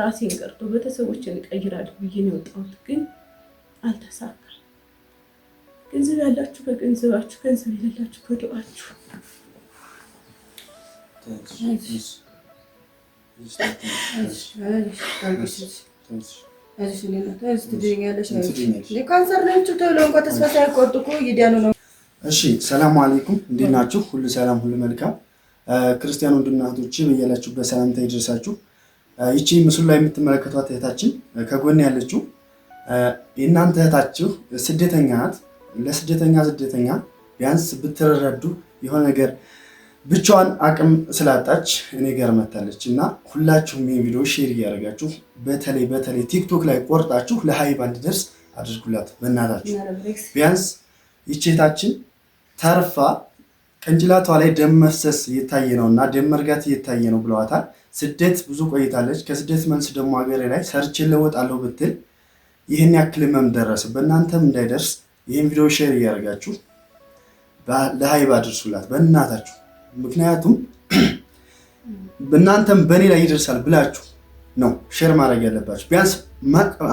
ራሴን ቀርቶ ቤተሰቦችን እቀይራለሁ ብዬ ነው የወጣሁት፣ ግን አልተሳካም። ገንዘብ ያላችሁ በገንዘባችሁ፣ ገንዘብ የሌላችሁ በዱዓችሁ። እሺ፣ ሰላም አለይኩም። እንዴት ናችሁ? ሁሉ ሰላም፣ ሁሉ መልካም። ክርስቲያን ወንድምና በያላችሁበት ሰላምታ ይደርሳችሁ። ይቺ ምስሉ ላይ የምትመለከቷት እህታችን ከጎን ያለችው የእናንተ እህታችሁ ስደተኛ ናት። ለስደተኛ ስደተኛ ቢያንስ ብትረዱ የሆነ ነገር ብቻዋን አቅም ስላጣች እኔ ጋር መታለች እና ሁላችሁም ይህ ቪዲዮ ሼር እያደረጋችሁ በተለይ በተለይ ቲክቶክ ላይ ቆርጣችሁ ለሀይባ እንዲደርስ አድርጉላት። በእናታችሁ ቢያንስ ይቼታችን ተርፋ ቅንጭላቷ ላይ ደም መፍሰስ እየታየ ነው እና ደም መርጋት እየታየ ነው ብለዋታል። ስደት ብዙ ቆይታለች። ከስደት መልስ ደግሞ ሀገሬ ላይ ሰርቼ ለወጣለሁ ብትል ይህን ያክል ህመም ደረስ በእናንተም እንዳይደርስ ይህን ቪዲዮ ሼር እያደረጋችሁ ለሀይብ አድርሱላት በእናታችሁ። ምክንያቱም በእናንተም በእኔ ላይ ይደርሳል ብላችሁ ነው ሼር ማድረግ ያለባችሁ። ቢያንስ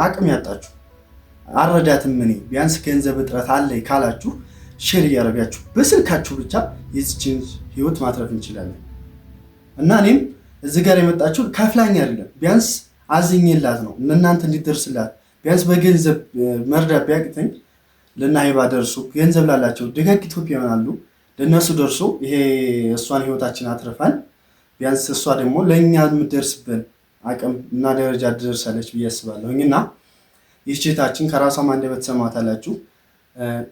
አቅም ያጣችሁ አረዳትም እኔ ቢያንስ ገንዘብ እጥረት አለይ ካላችሁ ሼር እያደረጋችሁ በስልካችሁ ብቻ የዚችን ህይወት ማትረፍ እንችላለን እና እኔም እዚህ ጋር የመጣችው ከፍላኝ አይደለም፣ ቢያንስ አዝኝላት ነው እናንተ እንዲደርስላት። ቢያንስ በገንዘብ መርዳት ቢያቅተኝ ለእነ ሀይባ ደርሱ። ገንዘብ ላላቸው ደጋግ ኢትዮጵያውያን አሉ፣ ለእነሱ ደርሶ ይሄ እሷን ህይወታችን አትርፋል ቢያንስ እሷ ደግሞ ለእኛ የምትደርስብን አቅም እና ደረጃ ትደርሳለች ብዬ አስባለሁ እና ይህችታችን ከራሷ አንደበት ትሰማታላችሁ።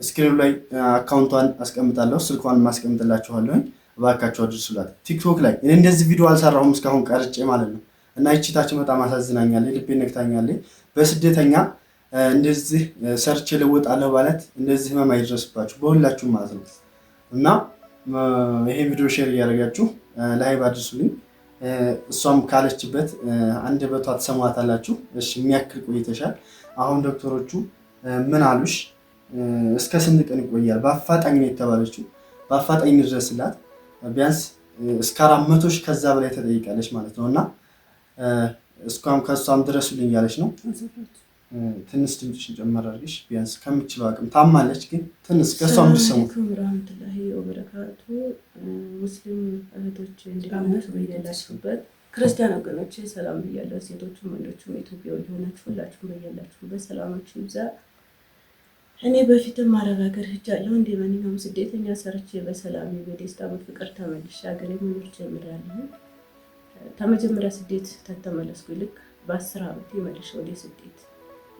ስክሪኑ ላይ አካውንቷን አስቀምጣለሁ፣ ስልኳን ማስቀምጥላችኋለሁኝ። እባካችሁ አድርሱላት ቲክቶክ ላይ። እኔ እንደዚህ ቪዲዮ አልሰራሁም እስካሁን ቀርጬ ማለት ነው። እና ይቺታችን በጣም አሳዝናኛለች፣ ልቤን ነክታኛለች። በስደተኛ እንደዚህ ሰርቼ ልወጣለሁ ማለት እንደዚህ ህመም አይድረስባችሁ በሁላችሁም ማለት ነው። እና ይሄ ቪዲዮ ሼር እያደረጋችሁ ላይቭ አድርሱልኝ። እሷም ካለችበት በቷ ትሰሟታላችሁ። እሺ የሚያክል ቆይተሻል። አሁን ዶክተሮቹ ምን አሉሽ? እስከ ስንት ቀን ይቆያል? በአፋጣኝ ነው የተባለችው። በአፋጣኝ እንድረስላት ቢያንስ እስከ አራት መቶ ሺህ ከዛ በላይ ተጠይቃለች ማለት ነው። እና እስኳም ከእሷም ድረሱልኝ እያለች ነው። ትንስ ድምፅሽን ጨመር አድርግሽ ቢያንስ ከምችለው አቅም ታማለች፣ ግን ትንስ ከእሷም ምድሰሙ ረመቱላሂ ወበረካቱ። ሙስሊም እህቶች እንዲላመት በያላችሁበት፣ ክርስቲያን ወገኖች ሰላም ብያለሁ። ሴቶቹም ወንዶቹም ኢትዮጵያ የሆናችሁ ሁላችሁም በያላችሁበት ሰላማችሁ ይብዛ። እኔ በፊትም አረብ ሀገር ሄጃለሁ። እንደ ማንኛውም ስደተኛ ሰርቼ በሰላም በደስታ በፍቅር ተመልሼ ሀገሬ መኖር ጀምሬያለሁ። ከመጀመሪያ ስደት ተተመለስኩ ልክ በአስር ዓመት የመለሽ ወደ ስደት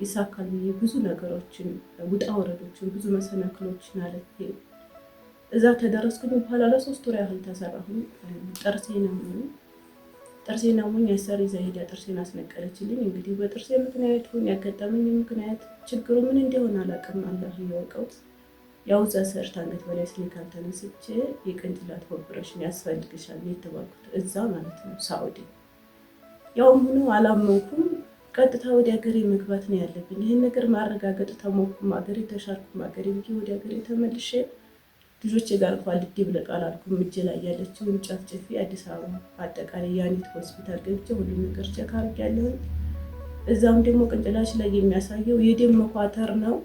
ይሳካል ብዬ ብዙ ነገሮችን ውጣ ወረዶችን ብዙ መሰናክሎችን አለፌ እዛ ተደረስኩኝ። በኋላ ለሶስት ወር ያህል ተሰራሁ ጥርሴ ነው ጥርሴን አሞኝ አሰሪ ይዛ ሄዳ ጥርሴን አስነቀለችልኝ። እንግዲህ በጥርሴ ምክንያት ሁን ያጋጠመኝ ምክንያት ችግሩ ምን እንደሆነ አላውቅም፣ አላህ እያወቀው። ያው እዛ ሰርት አንገት በላይ ስሊካል ተነስቼ የቅንጭላት ኦፕሬሽን ያስፈልግሻል የተባልኩት እዛ ማለት ነው ሳኡዲ። ያውም ሆኖ አላመንኩም። ቀጥታ ወደ ሀገሬ መግባት ነው ያለብኝ። ይህን ነገር ማረጋገጥ ተሞኩም፣ ሀገሬ ተሻልኩም፣ ሀገሬ ብዬ ወደ ሀገሬ ተመልሼ ልጆች ጋር እንኳ ልዴ ብለቃል አልኩም እጄ ላይ ያለችው ጫፍ ጭፊ አዲስ አበባ አጠቃላይ ያኔት ሆስፒታል ገብቼ ሁሉ ነገር ቼክ አድርጊያለሁ። እዛም ደግሞ ቅንጭላሽ ላይ የሚያሳየው የደም መኳተር ነው።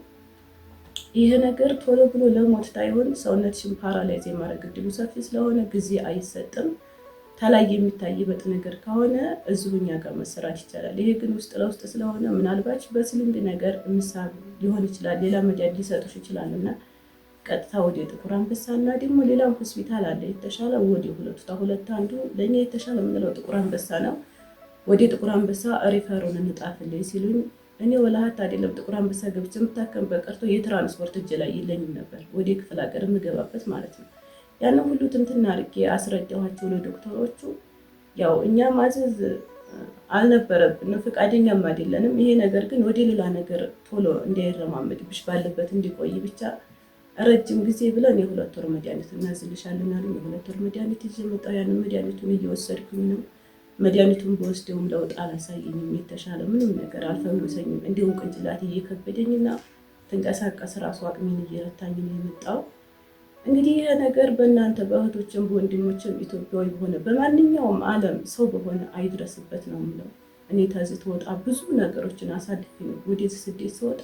ይሄ ነገር ቶሎ ብሎ ለሞት ታይሆን ሰውነትሽን ፓራላይዝ የማድረግ እድሉ ሰፊ ስለሆነ ጊዜ አይሰጥም። ተላይ የሚታይበት ነገር ከሆነ እዚሁ እኛ ጋር መሰራት ይቻላል። ይሄ ግን ውስጥ ለውስጥ ስለሆነ ምናልባች በስልንግ ነገር ምሳብ ሊሆን ይችላል። ሌላ መድኃኒት ሊሰጡሽ ይችላል እና ቀጥታ ወደ ጥቁር አንበሳ እና ደግሞ ሌላም ሆስፒታል አለ የተሻለ ወደ ሁለቱ ሁለት አንዱ ለእኛ የተሻለ የምንለው ጥቁር አንበሳ ነው። ወደ ጥቁር አንበሳ ሪፈሩን እንጣፍልኝ ሲሉኝ እኔ ወላሀት አይደለም ጥቁር አንበሳ ገብቼ የምታከም በቀርቶ የትራንስፖርት እጅ ላይ የለኝም ነበር ወደ ክፍለ ሀገር የምገባበት ማለት ነው። ያንን ሁሉ ትንትና አድርጌ አስረዳኋቸው ለዶክተሮቹ። ያው እኛ ማዘዝ አልነበረብንም፣ ፈቃደኛም አይደለንም። ይሄ ነገር ግን ወደ ሌላ ነገር ቶሎ እንዳይረማመድብሽ ባለበት እንዲቆይ ብቻ ረጅም ጊዜ ብለን የሁለት ወር መድኃኒት እናዝልሻለን አሉ። የሁለት ወር መድኃኒት ይዤ መጣሁ። ያንን መድኃኒቱን እየወሰድኩኝ ነው። መድኃኒቱን በወስደውም ለውጥ አላሳየኝም። የተሻለ ምንም ነገር አልፈወሰኝም። እንዲሁም ቅንጭላት እየከበደኝና ተንቀሳቀስ ራሱ አቅሜን እየረታኝ ነው የመጣው። እንግዲህ ይህ ነገር በእናንተ በእህቶችም በወንድሞችም ኢትዮጵያዊ በሆነ በማንኛውም ዓለም ሰው በሆነ አይድረስበት ነው የምለው። እኔ ተዝት ወጣ ብዙ ነገሮችን አሳልፌ ነው ወደ ስደት ስወጣ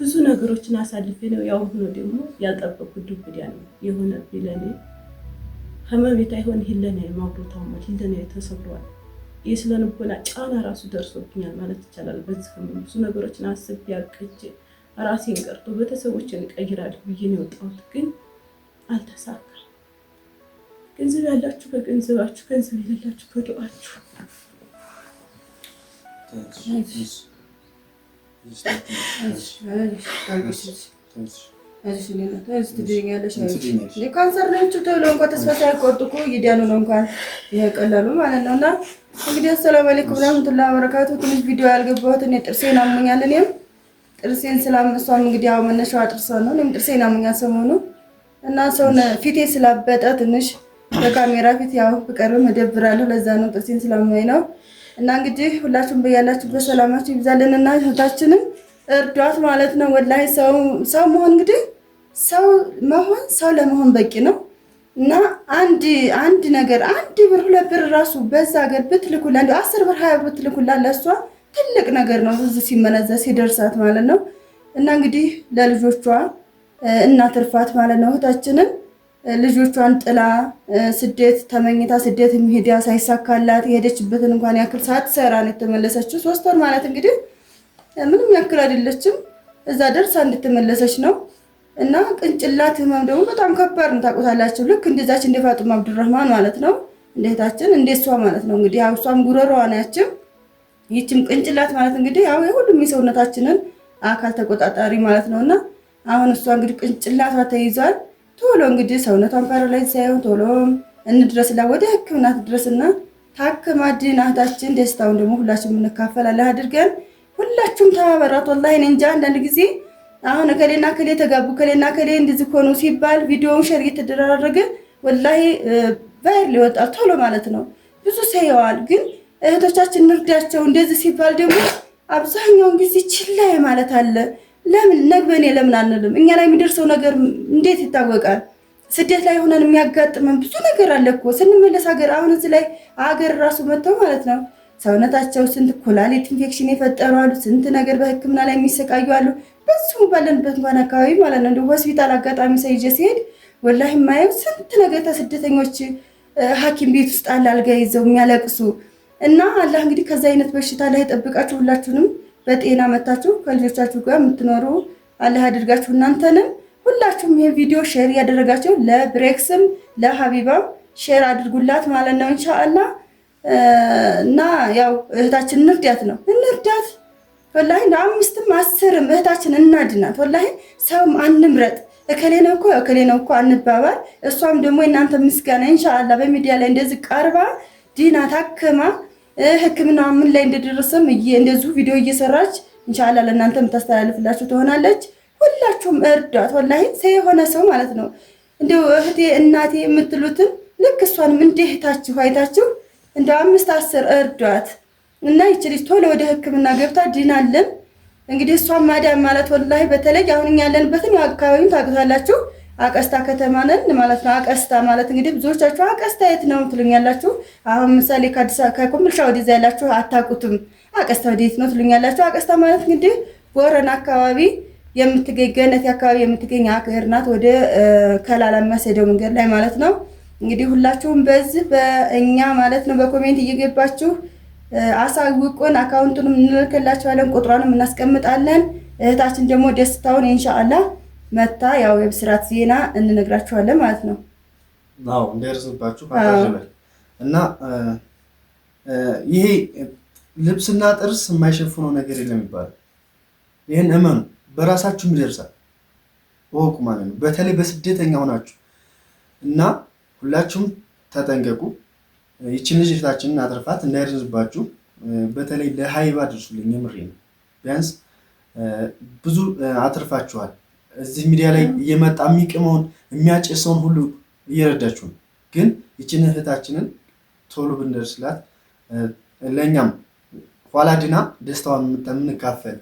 ብዙ ነገሮችን አሳልፌ ነው ያው ሆኖ ደግሞ ያልጠበቅኩት ዱብዳ ነው የሆነ ለኔ ከመቤት አይሆን ሂለና የማብሮታማል ሂለና ተሰብሯል። የስለንቦና ጫና ራሱ ደርሶብኛል ማለት ይቻላል። በዚህ ህመም ብዙ ነገሮችን አስብ አቅጄ ራሴን ቀርቶ ቤተሰቦችን እቀይራለሁ ብዬ ነው የወጣሁት፣ ግን አልተሳካም። ገንዘብ ያላችሁ ከገንዘባችሁ፣ ገንዘብ የሌላችሁ ከዱአችሁ ካንሰር ናችሁ ተብሎ እንኳን ተስፋ ሳይቆርጥ እኮ እየዳኑ ነው። እንኳን ይሄ ማለት ነው። እና እንግዲህ አሰላሙ አለይኩም ወራህመቱላሂ ወበረካቱ። ትንሽ ቪዲዮ ያልገባሁት እኔ ጥርሴን አሞኛል። እኔም ጥርሴን ስላመሷም እንግዲህ ያው መነሻዋ ጥርሷ ነው። እኔም ጥርሴን አሞኛል ሰሞኑ እና ሰውን ፊቴ ስላበጠ ትንሽ በካሜራ ፊት ያው ብቀርም እደብራለሁ። ለዛ ነው ጥርሴን ስላመኝ ነው እና እንግዲህ ሁላችሁም በያላችሁበት ሰላማችሁ ይብዛልን እና እህታችንም እርዷት ማለት ነው። ወላሂ ሰው መሆን እንግዲህ ሰው መሆን ሰው ለመሆን በቂ ነው እና አንድ አንድ ነገር አንድ ብር ሁለት ብር ራሱ በዛ ሀገር ብትልኩ ለአንዱ አስር ብር ሀያ ብር ብትልኩላ ለእሷ ትልቅ ነገር ነው። እዚህ ሲመነዘር ሲደርሳት ማለት ነው እና እንግዲህ ለልጆቿ እናትርፋት ማለት ነው እህታችንን ልጆቿን ጥላ ስደት ተመኝታ ስደት ሄዳ ሳይሳካላት የሄደችበትን እንኳን ያክል ሳትሰራ ነው የተመለሰችው። ሶስት ወር ማለት እንግዲህ ምንም ያክል አይደለችም። እዛ ደርሳ እንድትመለሰች ነው እና ቅንጭላት ህመም ደግሞ በጣም ከባድ ነው። ታውቁታላችሁ። ልክ እንደዛች እንደ ፋጡማ አብዱራህማን ማለት ነው እንደታችን እንደሷ ማለት ነው እንግዲህ ያው እሷም ጉረሮዋ ናችም ይችም ቅንጭላት ማለት እንግዲህ ያው የሁሉም የሰውነታችንን አካል ተቆጣጣሪ ማለት ነውና አሁን እሷ እንግዲህ ቅንጭላቷ ተይዟል። ቶሎ እንግዲህ ሰውነቷን ፓራላይዝ ሳይሆን ቶሎ እንድረስላ ወደ ህክምና ትድረስና ታክማ ድና እህታችን ደስታውን ደግሞ ሁላችሁም እንካፈላለን አድርገን ሁላችሁም ተባበራት። ወላሂ እኔ እንጃ አንዳንድ ጊዜ አሁን ከሌና ከሌ ተጋቡ ከሌና ከሌ እንደዚህ ሆኑ ሲባል ቪዲዮውን ሸር እየተደራረገ ወላሂ ቫይር ሊወጣል ቶሎ ማለት ነው። ብዙ ሰየዋል። ግን እህቶቻችን እንርዳቸው። እንደዚህ ሲባል ደግሞ አብዛኛውን ጊዜ ችላ ማለት አለ። ለምን ነግበኔ ለምን አንልም? እኛ ላይ የሚደርሰው ነገር እንዴት ይታወቃል? ስደት ላይ ሆነን የሚያጋጥመን ብዙ ነገር አለ እኮ ስንመለስ ሀገር አሁን እዚህ ላይ ሀገር ራሱ መጥተው ማለት ነው ሰውነታቸው ስንት ኮላሊት ኢንፌክሽን የፈጠሩ አሉ፣ ስንት ነገር በህክምና ላይ የሚሰቃዩ አሉ። በሱ ባለንበት እንኳን አካባቢ ማለት ነው ሆስፒታል አጋጣሚ ሰይጀ ሲሄድ ወላሂ የማየው ስንት ነገር ተስደተኞች ሐኪም ቤት ውስጥ አለ አልጋ ይዘው የሚያለቅሱ እና አላህ እንግዲህ ከዚ አይነት በሽታ ላይ ጠብቃችሁ ሁላችሁንም በጤና መታችሁ ከልጆቻችሁ ጋር የምትኖሩ አለህ አድርጋችሁ እናንተንም ሁላችሁም ይሄ ቪዲዮ ሼር እያደረጋችሁ ለብሬክስም ለሀቢባም ሼር አድርጉላት ማለት ነው እንሻአላ እና ያው እህታችን እንርዳት ነው እንርዳት። ወላሂ ለአምስትም አስርም እህታችን እናድናት። ወላሂ ሰውም አንምረጥ። እከሌ ነው እኮ እከሌ ነው እኮ አንባባል። እሷም ደግሞ የእናንተ ምስጋና እንሻአላ በሚዲያ ላይ እንደዚህ ቀርባ ዲና ታክማ ህክምና ምን ላይ እንደደረሰም እንደዚሁ ቪዲዮ እየሰራች እንሻላ ለእናንተ የምታስተላልፍላችሁ ትሆናለች። ሁላችሁም እርዷት። ወላሂ የሆነ ሰው ማለት ነው እንደው እህቴ እናቴ የምትሉትን ልክ እሷንም እንደ እህታችሁ አይታችሁ እንደ አምስት አስር እርዷት እና ይች ልጅ ቶሎ ወደ ህክምና ገብታ ድናለን። እንግዲህ እሷን ማዳን ማለት ወላሂ በተለይ አሁን ያለንበትን አካባቢም ታውቁታላችሁ አቀስታ ከተማ ነን ማለት ነው። አቀስታ ማለት እንግዲህ ብዙዎቻችሁ አቀስታ የት ነው ትሉኛላችሁ። አሁን ምሳሌ ከኮምልሻ ወደዛ ያላችሁ አታውቁትም። አቀስታ ወዴት ነው ትሉኛላችሁ። አቀስታ ማለት እንግዲህ ቦረና አካባቢ የምትገኝ ገነት አካባቢ የምትገኝ አገር ናት። ወደ ከላላ የሚያስሄደው መንገድ ላይ ማለት ነው። እንግዲህ ሁላችሁም በዚህ በእኛ ማለት ነው በኮሜንት እየገባችሁ አሳውቁን። አካውንቱንም እንልክላችኋለን፣ ቁጥሯንም እናስቀምጣለን። እህታችን ደግሞ ደስታውን ኢንሻአላህ መታ ያው የብስራት ዜና እንነግራችኋለን ማለት ነው። አዎ እንዳይረዝምባችሁ እና ይሄ ልብስና ጥርስ የማይሸፍነው ነገር የለም ይባላል። ይህን እመኑ፣ በራሳችሁም ይደርሳል። እወቁ ማለት ነው። በተለይ በስደተኛ ሆናችሁ እና ሁላችሁም ተጠንቀቁ። ይችን ልጅ እህታችንን አትርፋት፣ በተለይ ለሀይባ ድርሱልኝ፣ የምሬ ነው። ቢያንስ ብዙ አትርፋችኋል። እዚህ ሚዲያ ላይ እየመጣ የሚቅመውን የሚያጨሰውን ሁሉ እየረዳችሁ ነው። ግን ይችን እህታችንን ቶሎ ብንደርስላት ለእኛም ኋላ ድና ደስታዋን የምንካፈል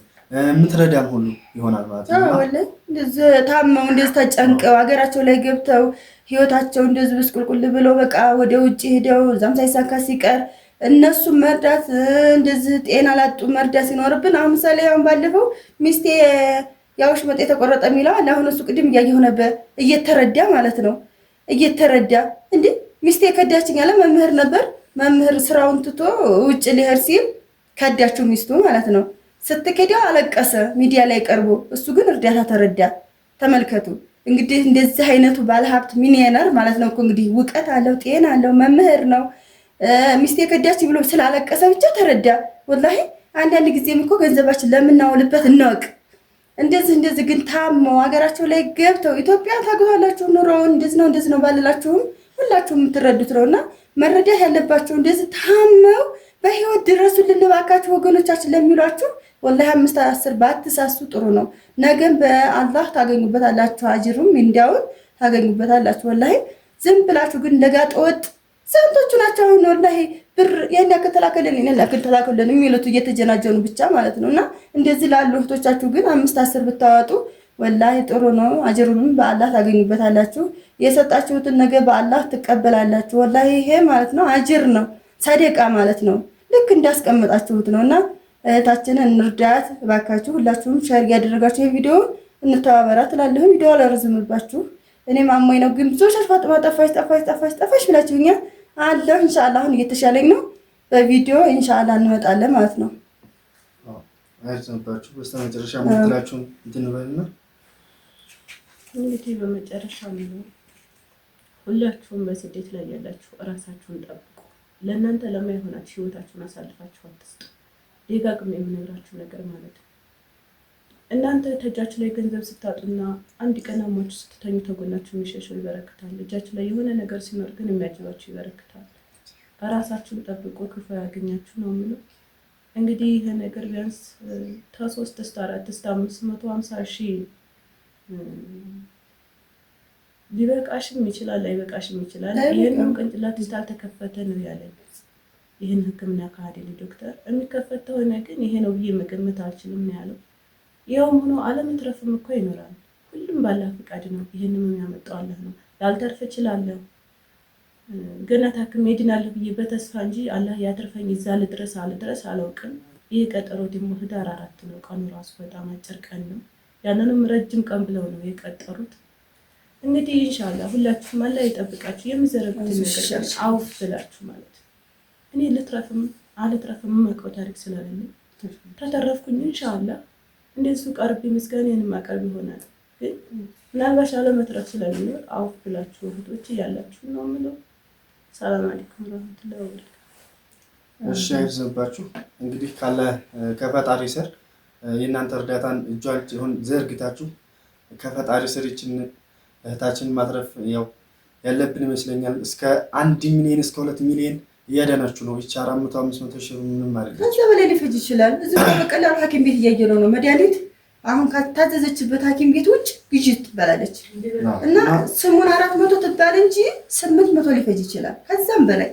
የምትረዳን ሁሉ ይሆናል ማለት ነው። ታመው እንደዚህ ተጨንቀው ሀገራቸው ላይ ገብተው ህይወታቸው እንደዚህ ብስቁልቁል ብሎ በቃ ወደ ውጭ ሄደው እዛም ሳይሳካ ሲቀር እነሱ መርዳት እንደዚህ ጤና ላጡ መርዳት ሲኖርብን አሁን ምሳሌ አሁን ባለፈው ሚስቴ ያው ሽመጥ የተቆረጠ የሚለዋል አሁን እሱ ቅድም እያየሁ ነበር። እየተረዳ ማለት ነው እየተረዳ እንዴ ሚስቴ ከዳችኝ አለ። መምህር ነበር መምህር ስራውን ትቶ ውጭ ሊሄድ ሲል ከዳችው ሚስቱ ማለት ነው። ስትከዳው አለቀሰ ሚዲያ ላይ ቀርቦ፣ እሱ ግን እርዳታ ተረዳ። ተመልከቱ እንግዲህ እንደዚህ አይነቱ ባለሀብት ሚኒነር ማለት ነው እኮ እንግዲህ እውቀት አለው፣ ጤና አለው፣ መምህር ነው። ሚስቴ ከዳችኝ ብሎ ስላለቀሰ ብቻ ተረዳ። ወላሂ አንዳንድ ጊዜም እኮ ገንዘባችን ለምናውልበት እናወቅ እንደዚህ እንደዚህ ግን ታመው ሀገራቸው ላይ ገብተው ኢትዮጵያ ታግባላችሁ ኑሮውን እንደዚህ ነው እንደዚህ ነው ባልላችሁም ሁላችሁም የምትረዱት ነው እና መረዳት ያለባቸው እንደዚህ ታመው በህይወት ድረሱ ልንባካችሁ ወገኖቻችን ለሚሏችሁ ወላሂ አምስት አስር ባትሳሱ ጥሩ ነው። ነገም በአላህ ታገኙበታላችሁ፣ አጅሩም እንዲያውን ታገኙበታላችሁ። ወላሂ ዝም ብላችሁ ግን ለጋጠወጥ ስንቶቹ ናቸው አሁን ወላሂ ብር ያን ያክል ተላከልን ያን ያክል ተላከልን የሚሉት እየተጀናጀኑ ብቻ ማለት ነው። እና እንደዚህ ላሉ እህቶቻችሁ ግን አምስት አስር ብታወጡ ወላሂ ጥሩ ነው። አጀሩንም በአላህ ታገኙበታላችሁ። የሰጣችሁትን ነገር በአላህ ትቀበላላችሁ። ወላሂ ይሄ ማለት ነው አጅር ነው፣ ሰደቃ ማለት ነው። ልክ እንዳስቀመጣችሁት ነው እና እህታችንን እንርዳት እባካችሁ። ሁላችሁም ሸር እያደረጋችሁ የቪዲዮውን እንተባበራ ትላለሁ። ቪዲዮ አላረዝምባችሁ እኔም አሞኝ ነው ግን ብዙዎች ፋጥማ ጠፋሽ ጠፋሽ ጠፋሽ ጠፋሽ ብላችሁኛል። አለው እንሻላ አሁን እየተሻለኝ ነው። በቪዲዮ እንሻላ እንመጣለን ማለት ነው። አይተንባችሁ በስተመጨረሻ ምትላችሁን እንትንበልና እንግዲህ በመጨረሻ ሁላችሁም በስደት ላይ ያላችሁ እራሳችሁን ጠብቁ። ለእናንተ ለማይሆናችሁ ህይወታችሁን አሳልፋችሁ አትስጡ። ደጋግሜ የምነግራችሁ ነገር ማለት ነው። እናንተ ተጃች ላይ ገንዘብ ስታጡና አንድ ቀን ስትተኙ ተጎናችሁ የሚሸሸው ይበረክታል። እጃችሁ ላይ የሆነ ነገር ሲኖር ግን የሚያጅባችሁ ይበረክታል። ራሳችሁን ጠብቆ ክፉ ያገኛችሁ ነው የምለው። እንግዲህ ይህ ነገር ቢያንስ ከሶስት እስከ አራት እስከ አምስት መቶ ሀምሳ ሺህ ሊበቃሽም ይችላል፣ ላይበቃሽም ይችላል። ይህንም ቅንጭላት ስላልተከፈተ ነው ያለኝ። ይህን ሕክምና ካህዴ ዶክተር የሚከፈት ከሆነ ግን ይሄ ነው ብዬ መገመት አልችልም ያለው። ይኸውም ሆኖ አለመትረፍም እኮ ይኖራል። ሁሉም ባላ ፈቃድ ነው። ይህንም የሚያመጣው አላህ ነው። ላልተርፍ እችላለሁ ገና ታክም ሄድናለሁ ብዬ በተስፋ እንጂ አላህ ያትርፈኝ እዛ ልድረስ አልድረስ አላውቅም። ይህ ቀጠሮ ደግሞ ህዳር አራት ነው። ቀኑ ራሱ በጣም አጭር ቀን ነው። ያንንም ረጅም ቀን ብለው ነው የቀጠሩት። እንግዲህ እንሻላ ሁላችሁም አላህ ይጠብቃችሁ። የምዘረጉት ነገር አውፍ ብላችሁ ማለት እኔ ልትረፍም አልትረፍም የማውቀው ታሪክ ስለሌለ ተተረፍኩኝ እንሻላ እንደሱ ቀርብ ምስጋና ያንም አቀርብ ይሆናል። ምናልባሽ አለመትረፍ ስለሚኖር አውፍ ብላችሁ እህቶች እያላችሁ ነው የምለው። ሰላም አለይኩም ረመቱላ እሺ አይዘባችሁ እንግዲህ ካለ ከፈጣሪ ስር የእናንተ እርዳታን ሲሆን ዘርግታችሁ ከፈጣሪ ስር ይችን እህታችን ማትረፍ ያው ያለብን ይመስለኛል። እስከ አንድ ሚሊዮን እስከ ሁለት ሚሊዮን እያዳናችሁ ነው። ይቻ አራት መቶ አምስት መቶ ሺህ ምን ማለት ነው? ከዛ በላይ ሊፈጅ ይችላል። እዚህ በቀላሉ ሐኪም ቤት እያየነው ነው። መድኃኒት አሁን ከታዘዘችበት ሐኪም ቤት ውጭ ግዢ ትባላለች እና ስሙን አራት መቶ ትባል እንጂ ስምንት መቶ ሊፈጅ ይችላል። ከዛም በላይ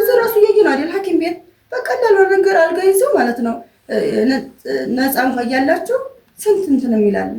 እዚህ ራሱ እያየ ነው አይደል? ሐኪም ቤት በቀላሉ ነገር አልጋ ይዘው ማለት ነው። ነፃ እንኳ እያላችሁ ስንት እንትንም ይላል